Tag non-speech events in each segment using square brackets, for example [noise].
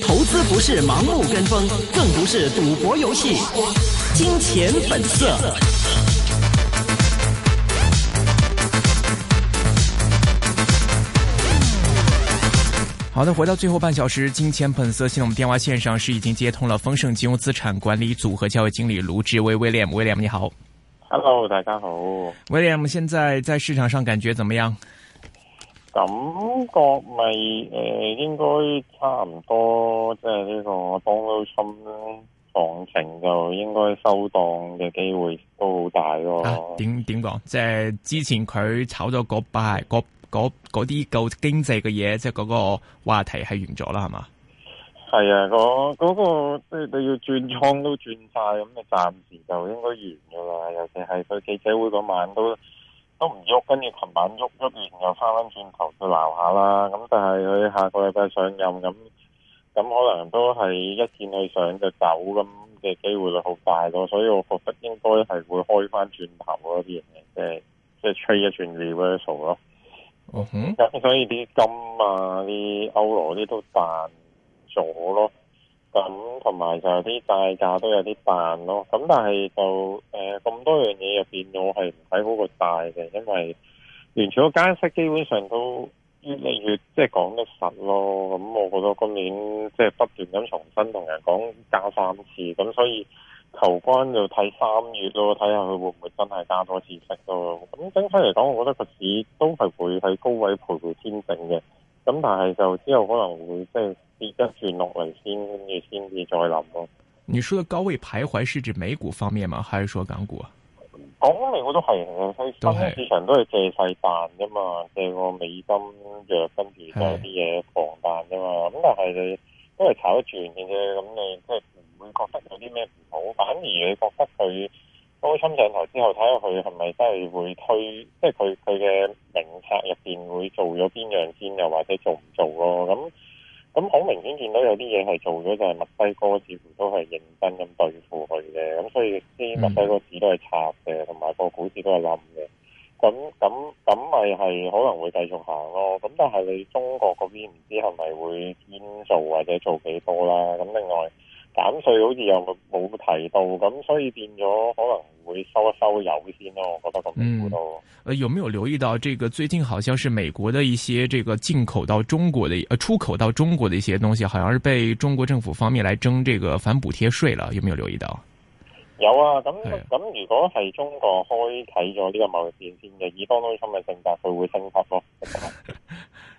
投資不是盲目跟風，更不是賭博遊戲。金錢本色。好的，回到最後半小時，金錢本色系統電話線上是已經接通了豐盛金融資產管理組合交易經理盧志威 William，William 你好，Hello，大家好，William 現在在市場上感覺怎麼樣？感覺咪誒、呃，應該差唔多，即係呢個當到衝行情就應該收檔嘅機會都好大咯。點點講？即係、就是、之前佢炒咗嗰把、嗰啲舊經濟嘅嘢，即係嗰個話題係完咗啦，係嘛？係啊，嗰、那個、那個即係你要轉倉都轉晒，咁你暫時就應該完噶啦。尤其係佢記者會嗰晚都。都唔喐，跟住琴晚喐喐完又翻翻轉頭去鬧下啦。咁但係佢下個禮拜上任咁，咁可能都係一見佢上就走咁嘅機會就好大咯。所以我覺得應該係會開翻、就是、轉頭嗰啲嘅，即係即係吹一轉 reversal 咯。嗯哼，咁所以啲金啊、啲歐羅啲都賺咗咯。咁同埋就啲大價都有啲彈咯，咁但係就咁，呃，多樣嘢入變咗係唔睇好個大嘅，因為完全個加息基本上都越嚟越即係講得實咯。咁，嗯，我覺得今年即係，就是，不斷咁重新同人講加三次，咁，嗯，所以求關就睇三月咯，睇下佢會唔會真係加多次息咯。咁整體嚟講，我覺得個市都係會喺高位徘徊堅定嘅。咁，嗯，但係就之後可能會即係。就是跌一轉落嚟先，跟住先至再諗咯。你說嘅高位徘徊是指美股方面嘛，還是說港股啊？港股我都係，因為新興市場都係借勢彈啫嘛，借個美金弱跟住多啲嘢狂彈啫嘛。咁的但係你因為炒一轉嘅啫，咁你即係唔會覺得有啲咩唔好？反而你覺得佢高親上台之後，睇下佢係咪真係會推，即係佢佢嘅名冊入邊會做咗邊樣先，又或者做唔做咯，啊？咁。咁好明顯見到有啲嘢係做咗，就係墨西哥似乎都係認真咁對付佢嘅，咁所以啲墨西哥紙都係插嘅，同埋個股市都係冧嘅。咁咁咁咪係可能會繼續行咯。咁但係你中國嗰邊唔知係咪會先做或者做幾多啦？咁另外。減稅好似又冇提到，咁所以變咗可能會收一收油先咯。我覺得咁樣都、嗯。呃，有冇留意到，這個最近好像是美國的一些這個進口到中國的，呃，出口到中國的一些東西，好像是被中國政府方面來徵這個反補貼稅了？有冇留意到？有啊，咁咁、啊、如果係中國開啟咗呢個貿易戰先嘅，以方都心嘅性格，佢會升發咯。 [laughs]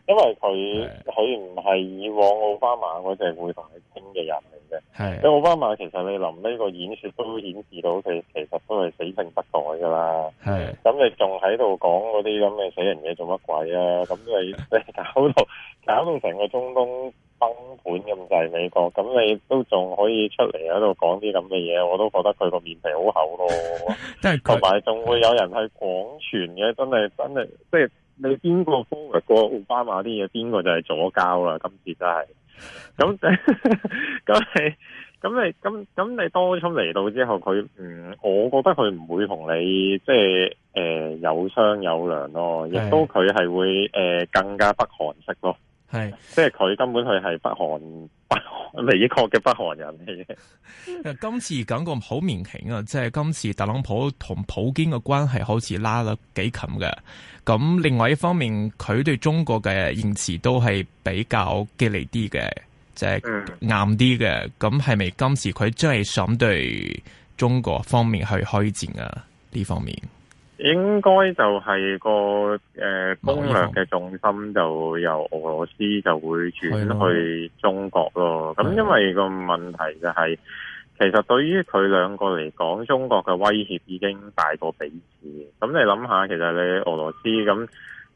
因為佢佢唔係以往奧巴馬嗰隻會同你傾嘅人嚟嘅，係，咁奧巴馬其實你臨呢個演說都顯示到佢其實都係死性不改噶啦，係，咁你仲喺度講嗰啲咁嘅死人嘢做乜鬼啊？咁你，你搞到 [laughs] 搞到成個中東崩盤咁就係、美國，咁你都仲可以出嚟喺度講啲咁嘅嘢，我都覺得佢個面皮好厚咯，真係 [laughs] 他，同埋仲會有人係廣傳嘅，真係真係，即係。你邊個 f o l l 過奧巴馬啲嘢？邊個就係左交啦！今次真係咁，咁 [laughs] 你咁，你咁咁你當初嚟到之後，佢唔、嗯，我覺得佢唔會同你即係、就是呃、有商有量咯，是亦都佢係會、呃、更加北韓式咯，係即係佢根本佢係北韓。唔係離譜嘅北韓人嚟嘅。 [laughs] 今次感覺好明顯啊，即係今次特朗普同普京嘅關係好似拉得幾近嘅。咁另外一方面，佢對中國嘅言辭都係比較激烈啲嘅，即係硬啲嘅。咁係咪今次佢真係想對中國方面去開戰啊？呢方面？應該就係個誒、呃，攻略，嘅重心就由俄羅斯就會轉去中國咯。咁因為個問題就係、是，其實對於佢兩個嚟講，中國嘅威脅已經大過彼此。咁你諗下，其實你俄羅斯咁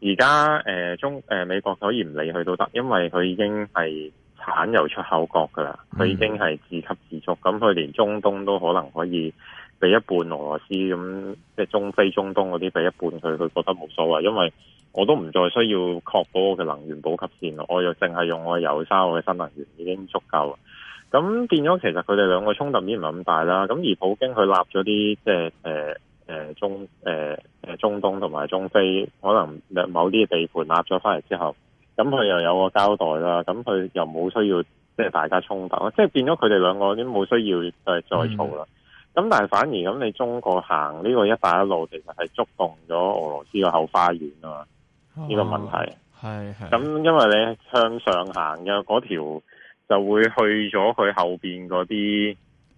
而家誒中誒、呃、美國可以唔理佢都得，因為佢已經係產油出口國㗎喇，佢已經係自給自足。咁佢連中東都可能可以。俾一半俄羅斯咁，即係中非、中東嗰啲俾一半佢，佢覺得冇所謂，因為我都唔再需要確保我嘅能源補給線，我又淨係用我油、沙我嘅新能源已經足夠。咁變咗，其實佢哋兩個衝突已經唔係咁大啦。咁而普京佢立咗啲即係中、呃、中東同埋中非可能某啲地盤立咗翻嚟之後，咁佢又有個交代啦。咁佢又冇需要即係大家衝突咯，即係變咗佢哋兩個都冇需要再吵啦。嗯咁但係反而咁，你中國行呢個一帶一路，其實係觸動咗俄羅斯嘅後花園啊嘛？呢、哦、個問題係係咁，是是因為你向上行嘅嗰條就會去咗佢後邊嗰啲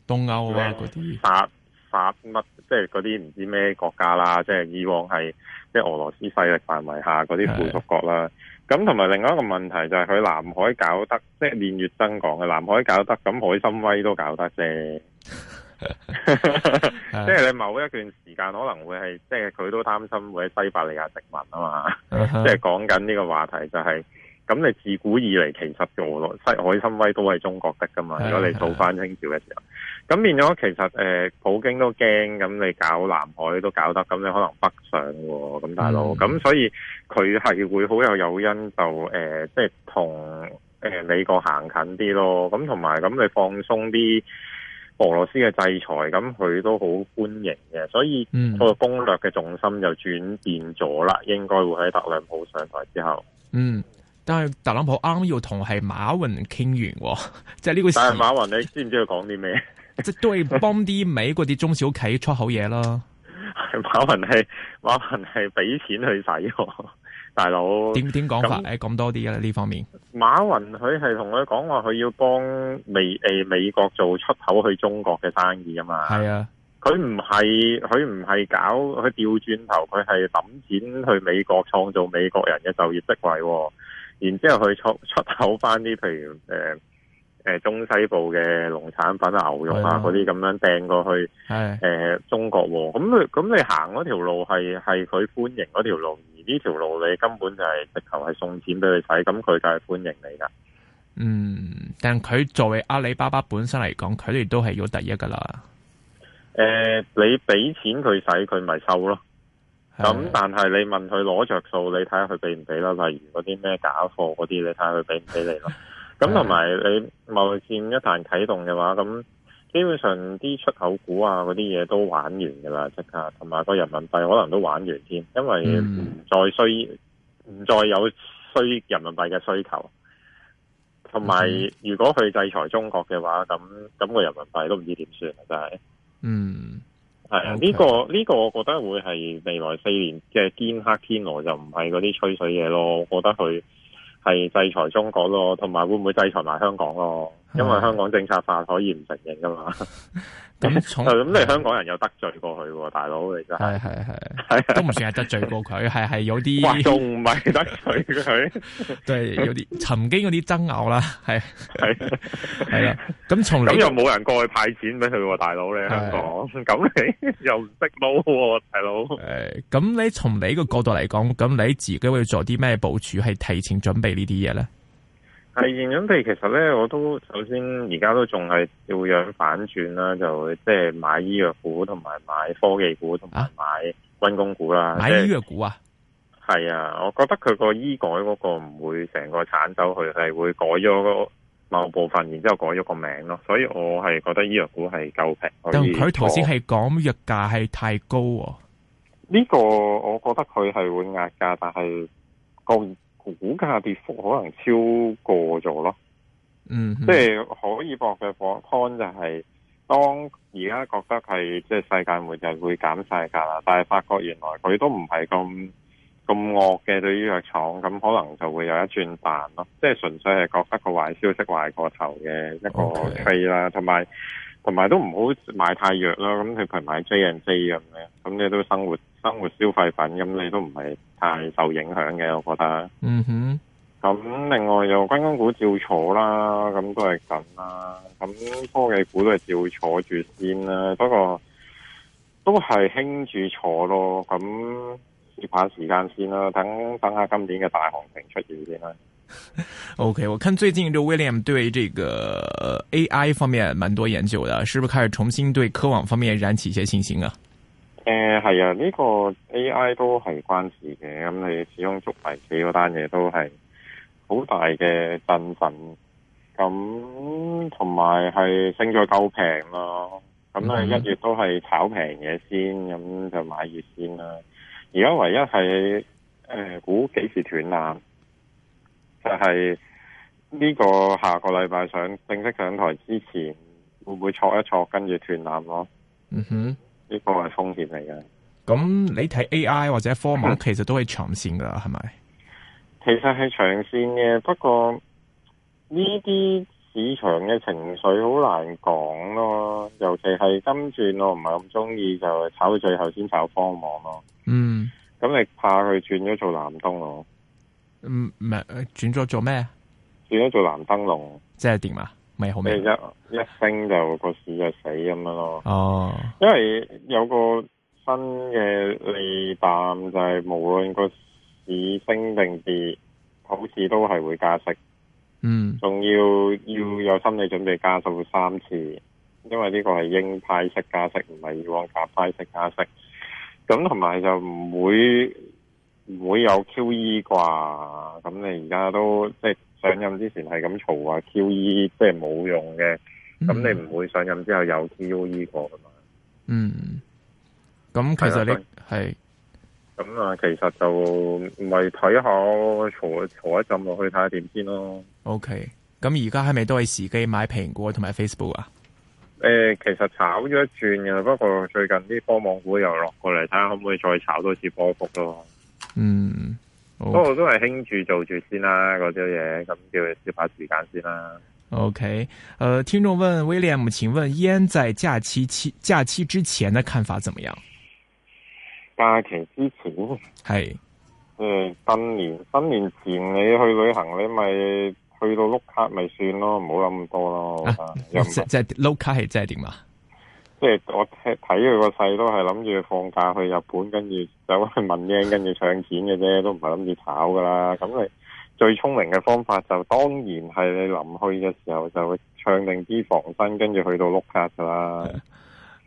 東歐啊嗰啲法法乜即係嗰啲唔知咩國家啦，即係以往係即係俄羅斯勢力範圍下嗰啲附屬國啦。咁同埋另外一個問題就係佢南海搞得即係連月增講嘅南海搞得咁，海參崴都搞得啫。 [laughs] 即係 [laughs] [laughs] 你某一段時間可能會係，即係佢都擔心會喺西伯利亞殖民啊嘛。即係講緊呢個話題就係、是，咁你自古以嚟其實做西海參崴都係中國的噶嘛。 [laughs] 如果你做翻清朝嘅時候，咁 [laughs] 變咗其實誒、呃，普京都驚，咁你搞南海都搞得，咁你可能北上喎。咁大佬，咁 [laughs] 所以佢係會好有誘因就誒，即係同誒美國行近啲咯。咁同埋咁你放鬆啲。俄羅斯嘅制裁，咁佢都好歡迎嘅，所以個攻略嘅重心就轉變咗啦。應該會喺特朗普上台之後，嗯，但係特朗普啱要同係馬雲傾完，哦，即係呢個時，但係馬雲你知唔知佢講啲咩？即係都係幫啲美國啲中小企出口嘢咯。係 [laughs] 馬雲係，馬雲係俾錢去使。大佬樣點點講法？誒，講多啲啊。呢方面，馬雲佢係同佢講話，佢要幫美誒美國做出口去中國嘅生意啊嘛。係啊，佢唔係佢唔係搞，佢調轉頭，佢係抌錢去美國創造美國人嘅就業職位，然之後去出出口翻啲，譬如誒誒、呃呃、中西部嘅農產品啊、牛肉等等啊嗰啲咁樣掟過去，係誒、啊呃、中國。咁你咁你行嗰條路係係佢歡迎嗰條路。呢條路你根本就係直頭係送錢俾佢使，咁佢就係歡迎你噶。嗯，但佢作為阿里巴巴本身嚟講，佢哋都係要第一噶啦。誒、呃，你俾錢佢使，佢咪收咯。咁 [noise] 但係你問佢攞着數，你睇下佢俾唔俾啦。例如嗰啲咩假貨嗰啲，你睇下佢俾唔俾你咯。咁同埋你貿易戰一旦啟動嘅話，咁。基本上啲出口股啊，嗰啲嘢都玩完噶啦，即刻，同埋個人民幣可能都玩完添，因為唔再需，唔、mm hmm. 再有需人民幣嘅需求。同埋，Okay. 如果佢制裁中國嘅話，咁咁個人民幣都唔知點算啦，真係。嗯、mm，係啊，呢個呢個，這個、我覺得會係未來四年嘅堅黑天鵝，我就唔係嗰啲吹水嘢咯。我覺得佢係制裁中國咯，同埋會唔會制裁埋香港咯？因為香港政策法可以唔承認噶嘛 [laughs] 從？咁從咁你香港人有得罪過佢喎，大佬嚟噶，係係係， [laughs] 都唔算係得罪過佢，係係有啲，都唔係得罪佢？ [laughs] 對，有啲曾經有啲爭拗啦，係係係啦。咁從咁又冇人過去派錢俾佢喎，大佬你香港，咁 [laughs] [laughs] 你又唔識撈喎，大佬。誒，咁你從你個角度嚟講，咁你自己會做啲咩部署？係提前準備呢啲嘢咧？係，現漲地其實咧，我都首先而家都仲係照樣反轉啦，就即係買醫藥股，同埋買科技股，同埋買軍工股啦。啊就是、買醫藥股啊？係啊，我覺得佢個醫改嗰個唔會成個鏟走去，佢係會改咗某部分，然之後改咗個名咯。所以我係覺得醫藥股係夠平。但佢頭先係講藥價係太高喎，呢個我覺得佢係會壓價，但係高。股價跌幅可能超過咗咯，嗯哼，即係可以博嘅火坑就係，是，當而家覺得係即係世界末日就會減曬價啦，但係發覺原來佢都唔係咁咁惡嘅對於藥廠，咁可能就會有一轉彈咯，即係純粹係覺得個壞消息壞過頭嘅一個飛啦，同埋同埋都唔好買太弱咯，咁譬如買 J and J 咁咧，咁你都生活生活消費品，咁你都唔係。係受影響嘅，我覺得。嗯哼。咁另外又軍工股照坐啦，咁都係咁啦。咁科技股都係照坐住先啦。不過都係輕住坐咯。咁接下時間先啦，等等下今年嘅大行情出現先啦。OK，我看最近就 William 對這個 AI 方面蠻多研究的，是不是開始重新對科網方面燃起一些信心啊？誒，係、呃、啊，呢、這個 AI 都係關係、嗯、事嘅。咁你始終捉大市嗰單嘢都係好大嘅振奮。咁同埋係升咗夠平咯。咁、嗯、你、嗯、哼一月都係炒平嘢先，咁、嗯、就買熱先啦。而家唯一係誒、呃，估幾時斷纜？就係、是、呢個下個禮拜上正式上台之前，會唔會錯一錯，跟住斷纜咯？嗯哼。呢個係風險嚟嘅，咁你睇 AI 或者科網其實都係長線噶啦，係咪？其實係長線嘅，不過呢啲市場嘅情緒好難講咯，尤其係今轉我唔係咁中意，就係炒到最後先炒科網咯。嗯，咁你怕佢轉咗做藍通咯？唔唔係，轉咗做咩？轉咗做藍燈籠？即係點啊？一一升就個市就死咁樣咯。哦，因為有個新嘅利淡就係無論個市升定跌，好似都係會加息。嗯，仲要要有心理準備加息三次，因為呢個係鷹派式加息，唔係以往鴿派式加息。咁同埋就唔會唔會有 QE 啩？咁你而家都即係。上任之前係咁嘈，話 QE 即係冇用嘅，咁、嗯、你唔會上任之後又 QE 過噶嘛？嗯，咁其實你係，咁啊是其實就唔係睇下嘈嘈，一陣落去睇下點先咯。OK，咁而家係咪都係時機買蘋果同埋 Facebook 啊？誒、欸，其實炒咗一轉嘅，不過最近啲科網股又落過嚟，睇下可唔可以再炒多次波幅咯。嗯。不過、oh. 都係興住做住先啦，嗰啲嘢咁叫少排時間先啦。OK，誒、呃，聽眾問 William，請問 yen 在假期期假期之前嘅看法怎麼樣？假期之前係，嗯是、呃，新年新年前你去旅行你不，你咪去到碌卡咪算咯，唔好諗咁多咯。即係即係碌卡係即係點啊？即係我睇睇佢個勢都係諗住放假去日本，跟住走去問嘢，跟住唱錢嘅啫，都唔係諗住炒噶啦。咁你最聰明嘅方法就當然係你臨去嘅時候就會唱定啲防身，跟住去到碌卡噶啦。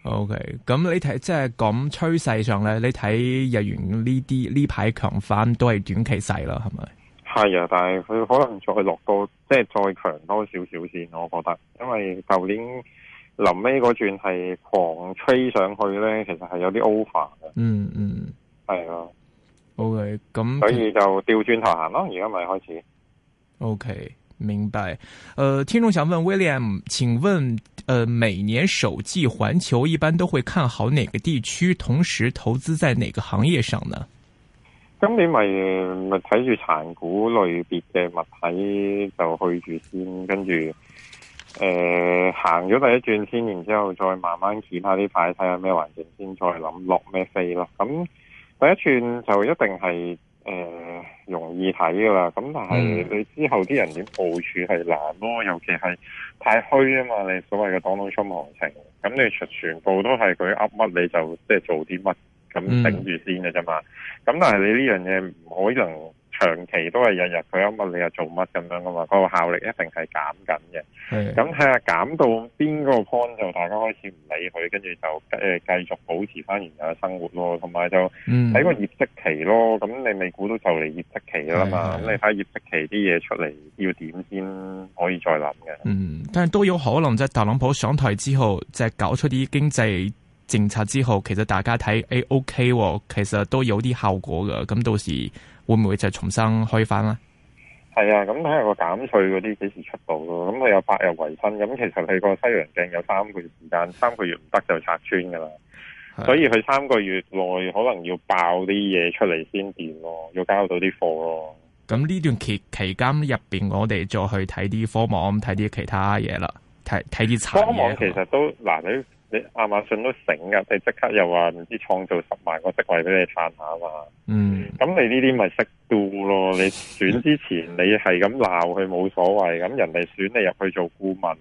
OK，咁你睇即係咁趨勢上咧，你睇日元呢啲呢排強翻都係短期勢啦，係咪？係啊，但係佢可能再落到即係、就是、再強多少少先，我覺得，因為舊年。臨尾嗰轉係狂吹上去咧，其實係有啲 over 嘅、嗯。嗯的 okay，嗯，係啊。OK，咁所以就調轉頭行咯。而家咪開始。OK，明白。誒、呃，聽眾想問 William，請問誒、呃，每年首季環球一般都會看好哪個地區，同時投資在哪個行業上呢？今年咪咪睇住殘股類別嘅物體就去住先，跟住。誒，行咗、呃、第一轉先，然之後再慢慢檢下啲牌，睇下咩環境，先再諗落咩飛咯。咁第一轉就一定係誒、呃、容易睇噶啦。咁但係你之後啲人點部署係難咯，尤其係太虛啊嘛。你所謂嘅當當衝行情，咁你全部都係佢噏乜你就即係做啲乜，咁頂住先嘅啫嘛。咁但係你呢樣嘢，唔可能。長期都係日日佢有乜，你又做乜咁樣噶嘛？個效力一定係減緊嘅。咁睇下減到邊個 point 就大家開始唔理佢，跟住就誒繼續保持翻原有嘅生活咯。同埋就睇個業績期咯，咁、嗯、你咪估到就嚟業績期啦嘛。咁的你睇業績期啲嘢出嚟要點先可以再諗嘅。嗯，但係都有可能即係特朗普上台之後，即、就、係、是、搞出啲經濟政策之後，其實大家睇 A、哎、OK、哦、其實都有啲效果噶。咁到時。會唔會就重新開翻啦？係啊，咁睇下個減稅嗰啲幾時出到咯。咁佢有百日維新，咁其實佢個西洋鏡有三個月時間，三個月唔得就拆穿噶啦。的所以佢三個月內可能要爆啲嘢出嚟先掂咯，要交到啲貨咯。咁呢段期期間入邊，我哋再去睇啲科網，睇啲其他嘢啦，睇睇啲產科網其實都嗱、啊、你。亞馬遜都醒噶，你即刻又話唔知創造十萬個職位俾你撐下嘛？嗯，咁你呢啲咪識 do 咯？你選之前你係咁鬧佢冇所謂，咁人哋選你入去做顧問，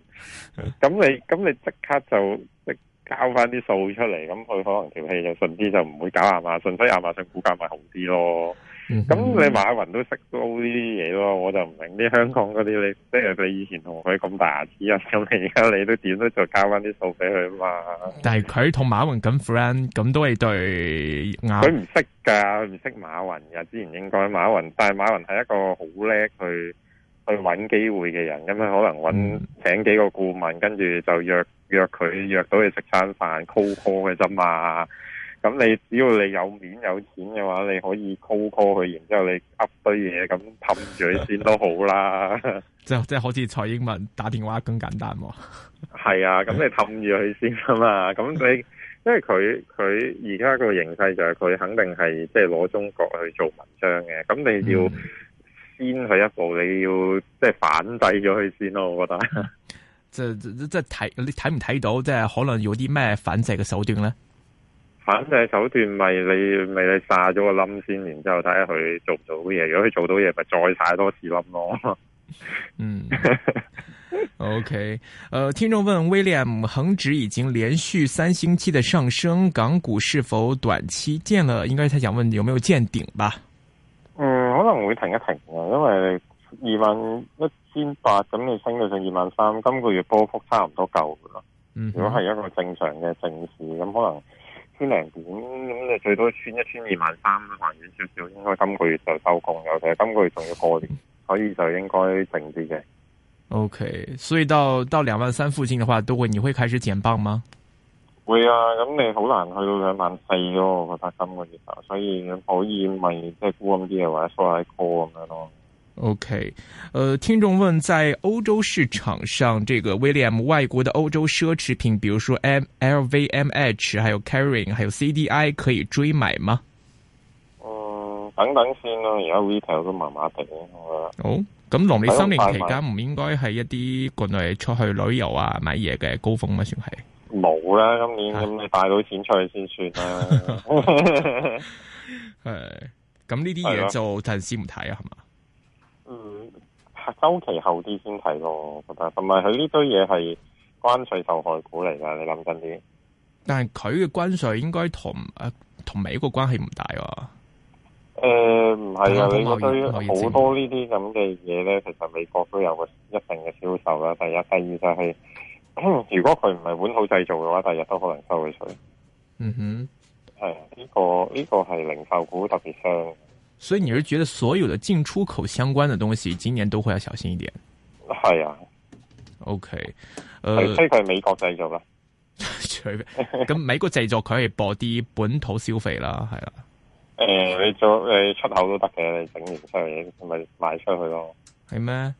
咁你咁你即刻就即交翻啲數出嚟，咁佢可能條氣就順啲，就唔會搞亞馬遜，所以亞馬遜股價咪好啲咯。咁、嗯、你馬雲都識撈呢啲嘢咯，我就唔明啲香港嗰啲你，即係你以前同佢咁大牙齒啊，咁你而家你都點都就交翻啲數俾佢啊嘛？但係佢同馬雲咁 friend，咁都係對，佢唔識噶，唔識馬雲啊，之前應該馬雲。但係馬雲係一個好叻去去搵機會嘅人，咁佢可能搵請幾個顧問，跟住就約約佢，約到佢食餐飯，call call 嘅啫嘛。咁你只要你有面有錢嘅話，你可以 call call 佢，然之後你噏堆嘢咁氹住佢先都好啦。即係即係好似蔡英文打電話咁簡單喎。係 [laughs] 啊，咁你氹住佢先啊嘛。咁 [laughs] 你因為佢佢而家個形勢就係佢肯定係即係攞中國去做文章嘅。咁你要先佢一步，嗯、你要即係反制咗佢先咯，啊。我覺得。即係即係睇你睇唔睇到，即、就、係、是、可能有啲咩反制嘅手段咧。反正手段咪你咪，就是，你炸咗個冧先，然之後睇下佢做唔做到嘢。如果佢做到嘢，咪，就是，再晒多次冧咯。嗯 [laughs] ，OK，呃。誒，聽眾問 William，恒指已經連續三星期嘅上升，港股是否短期見了？應該係想問有沒有見頂吧？嗯，可能會停一停嘅，因為二萬一千八咁，你升到上二萬三，今個月波幅差唔多夠噶啦。嗯哼，如果係一個正常嘅正市，咁可能。千零點咁，你最多穿一千二萬三，還遠少少，應該今個月就收工，尤其係今個月仲要過年，所以就應該靜啲嘅。O、okay, K，所以到到兩萬三附近嘅話，都會你會開始減磅嗎？會啊，咁、嗯、你好難去到兩萬四咯，佢、啊、得今個月度，所以可以咪即係沽咁啲嘢或者出下啲 call 咁樣咯。OK，誒、呃，聽眾問：在歐洲市場上，這個 William 外國的歐洲奢侈品，比如說 M LVMH，還有 Kering，還有 CDI，可以追買嗎？嗯，等等先啦，而家 Retail 都麻麻地，我哦，咁農曆新年期間唔應該係一啲國內出去旅遊啊買嘢嘅高峰咩？算係冇啦，今年咁你、啊、帶到錢出去先算、啊，係咁呢啲嘢就暫時唔睇啊，係嘛的？周期後啲先睇咯，我覺得，同埋佢呢堆嘢係關稅受害股嚟噶，你諗緊啲。但係佢嘅關稅應該同誒同美國關係唔大喎。誒，唔係啊，呃、你呢堆好多呢啲咁嘅嘢咧，其實美國都有個一定嘅銷售啦。第一、第二就係、是、如果佢唔係本土製造嘅話，第二都可能收嘅稅。嗯哼，係呢、哎這個呢、這個係零售股特別傷。所以你是覺得所有的進出口相關的東西今年都會要小心一點？係啊，OK，誒、呃，呢個係美國製作啦，咁 [laughs] 美國製作佢係播啲本土消費啦，係啦、啊。誒、呃，你做你出口都得嘅，你整完出嚟，咪賣出去咯。係咩？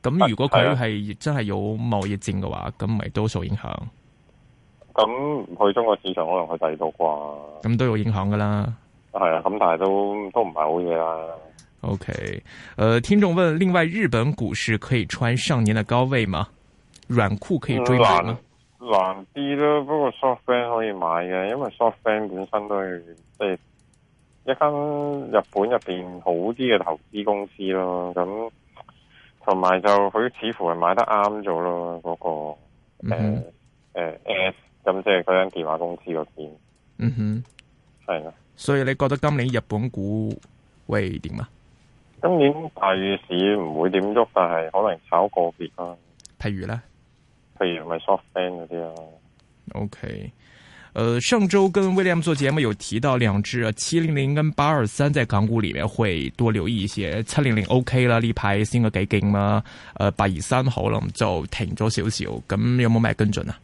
咁如果佢係真係有貿易戰嘅話，咁咪都受影響。咁去中國市場可能去第二度啩？咁都有影響噶啦。係啊，咁但係都都唔係好嘢啦。O K，誒，聽眾問，另外日本股市可以穿上年的高位嗎？軟庫可以追咩嗎？難啲咯，不過 SoftBank 可以買嘅，因為 SoftBank 本身都係、即係、一間日本入邊好啲嘅投資公司咯。咁同埋就佢似乎係買得啱咗咯，嗰、嗰個誒誒 S，咁、嗯哼呃呃、即係嗰間電話公司嗰邊。嗯哼，係啦。所以你覺得今年日本股會點啊？今年大市唔會點喐，但係可能炒個別啦。譬如咧，譬如咪 SoftBank 嗰啲啊。OK，誒、呃，上周跟 William 做節目有提到兩隻啊，七零零跟八二三，在港股裏面會多留意一些。七零零 OK 啦，呢排升咗幾勁啦、啊。誒、呃，八二三可能就停咗少少。咁有冇咩跟進啊？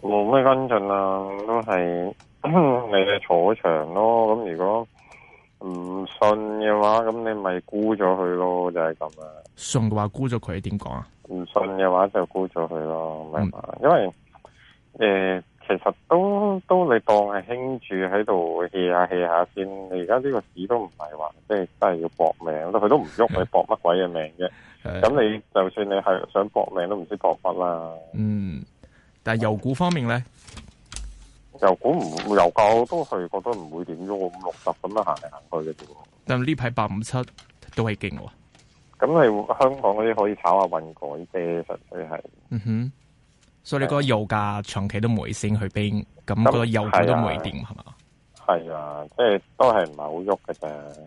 冇咩跟進啊，都係。你哋坐場咯，咁如果唔信嘅話，咁你咪沽咗佢咯，就係咁啊。信嘅話沽咗佢點講啊？唔信嘅話就沽咗佢咯。明白、嗯？因為誒、呃，其實都都你當係輕住喺度 hea 下 hea 下先。你而家呢個市都唔係話，即係真係要搏命咯。佢都唔喐，的你搏乜鬼嘅命啫？咁的你就算你係想搏命，都唔知搏乜啦。嗯，但係油股方面咧？嗯油股唔油價都係覺得唔會點喐，五六十咁樣行嚟行去嘅啫。但呢排八五七都係勁喎。咁你香港嗰啲可以炒下運改啫，實際係。嗯哼，所以你覺得油價長期都唔會升去邊？咁個油股都唔會跌係嘛？係、嗯、吧啊，即、就、係、是、都係唔係好喐嘅啫。